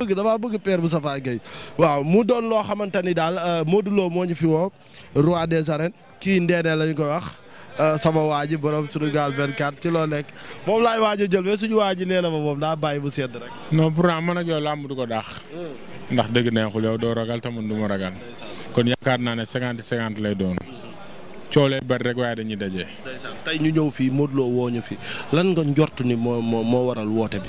bëgg damaa bëgg père Moustapha Gueye waaw mu doon loo xamante ni daal euh, Modou Lo moo ñu fi woo roi des arènes kii Ndéné lañ koy wax euh, sama waa ji borom suñu gaal 24 ci loo nekk moom laay waaj a jël mais suñu waa ji nee na ma moom daa bàyyi bu sedd rek. non pourtant man a yow làmb du ko daax. Hmm. ndax dëgg neexul yow doo ragal tamit du ma ragal. kon yaakaar naa ne cinquante cinquante lay doon. coolee bari rek waaye dañuy daje. tey ñu ñëw fii Modou Lo woo ñu fi lan nga njort ni moo moo waral woote bi.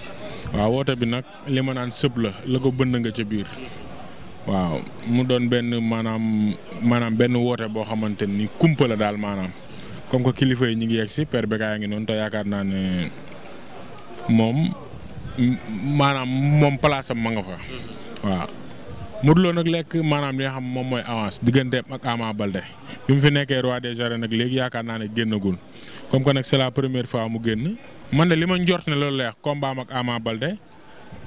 waaw woote bi nag li ma naan sëb la la ko bënd nga ca biir waaw mu doon benn maanaam maanaam benn woote boo xamante ni kumpa la daal maanaam comme que kilifa yi ñu ngi yegg si père Bécaye ngi noonu te yaakaar naa ne moom maanaam moom place am ma nga fa mm-hmm. waaw. Modou Lo nag lekk maanaam li nga xam moom mooy avance digganteem ak Ama Balde bi mu fi nekkee roi des arènes nag léegi yaakaar naa ne génnagul comme que nag c'est la première fois mu génn man de li ma njort ne loolu lay wax combat ak Ama Balde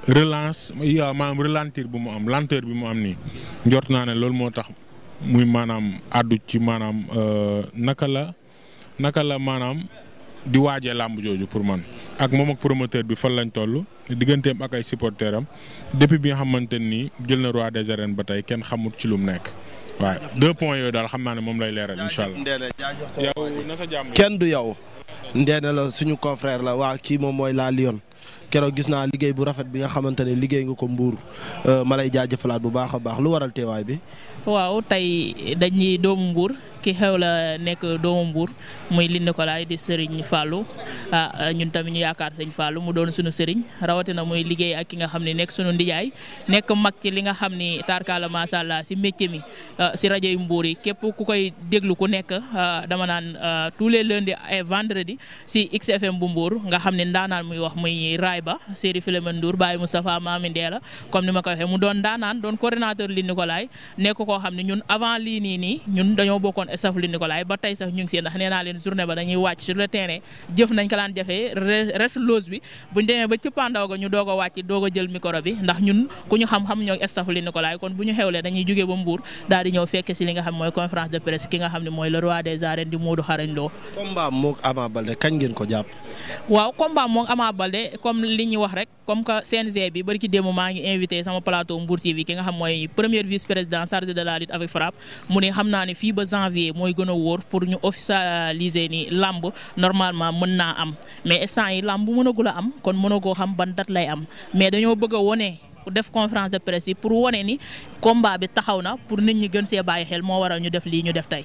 relance maanaam ralentir bi mu am lenteur bi mu am nii njort naa ne loolu moo tax muy maanaam àddu ci maanaam euh, naka la naka la maanaam di waajee làmb jooju pour man ak moom ak promoteur bi fan lañ toll digganteem ak ay supporteurs am depuis bi nga xamante nii jël na roi des arènes ba tey kenn xamut ci lu mu nekk. waaw deux points yooyu daal xam naa ne moom lay leeral incha allah. yow na sa jàmm kenn du yow. Ndeene la suñu confrère la waa kii moom mooy la Lyon keroog gis naa liggéey bu rafet bi nga xamante ne liggéey nga ko mbuur euh, ma lay jaajëfalaat bu baax a baax lu waral teewaay bi. waaw tey dañuy doomu mbuur ki xew la nekk doomu mbuur muy Lynn Nicolas di Serigne Fallou ah ñun tamit ñu yaakaar sëñ Fallou mu doon suñu Serigne rawatina muy liggéey ak ki nga xam ne nekk suñu ndijaay nekk mag ci li nga xam ni tarkaala macha allah si métier mi ah, si rajo yu mbuur yi képp ku koy déglu ku nekk ah, dama naan ah, tous les lundis et vendredi si XFM bu mbuur nga xam ne ndaanaan Ba Seri Filemène Ndour Baye Moustapha Mami Ndeela comme ni ma ko waxee mu doon daanaan doon coordinateur Ligne Nicolas nekk koo xam ne ñun avant lii nii nii ñun dañoo bokkoon staff Ligne Nicolas ba tey sax ñu ngi si ndax nee naa journée ba dañuy wàcc sur le terrain jëf nañ ko daan jafee res bi buñ demee ba cëppaandaw ga ñu doog a wàcc doog a jël micro bi ndax ñun ku ñu xam-xam ñoo staff Ligne Nicolas kon bu ñu xewlee dañuy jógee ba Mbour daal di ñëw fekke si li nga xam mooy conférence de presse ki nga xam ko jàpp waaw comme li ñu wax rek comme que CNG bi bari ci démb maa ngi invité sama plateau Mbour TV ki nga xam mooy premier vice président chargé de la lutte avec frappe mu ne xam naa ne fii ba janvier mooy gën wóor pour ñu officialiser ni lamb normalement mën naa am mais instant yi lamb mënagul a am kon mënagoo xam ban date lay am mais dañoo bëgg a wone def conférence de presse yi pour wone ni combat bi taxaw na pour nit ñi gën see bàyyi xel moo waral ñu def lii ñu def tey.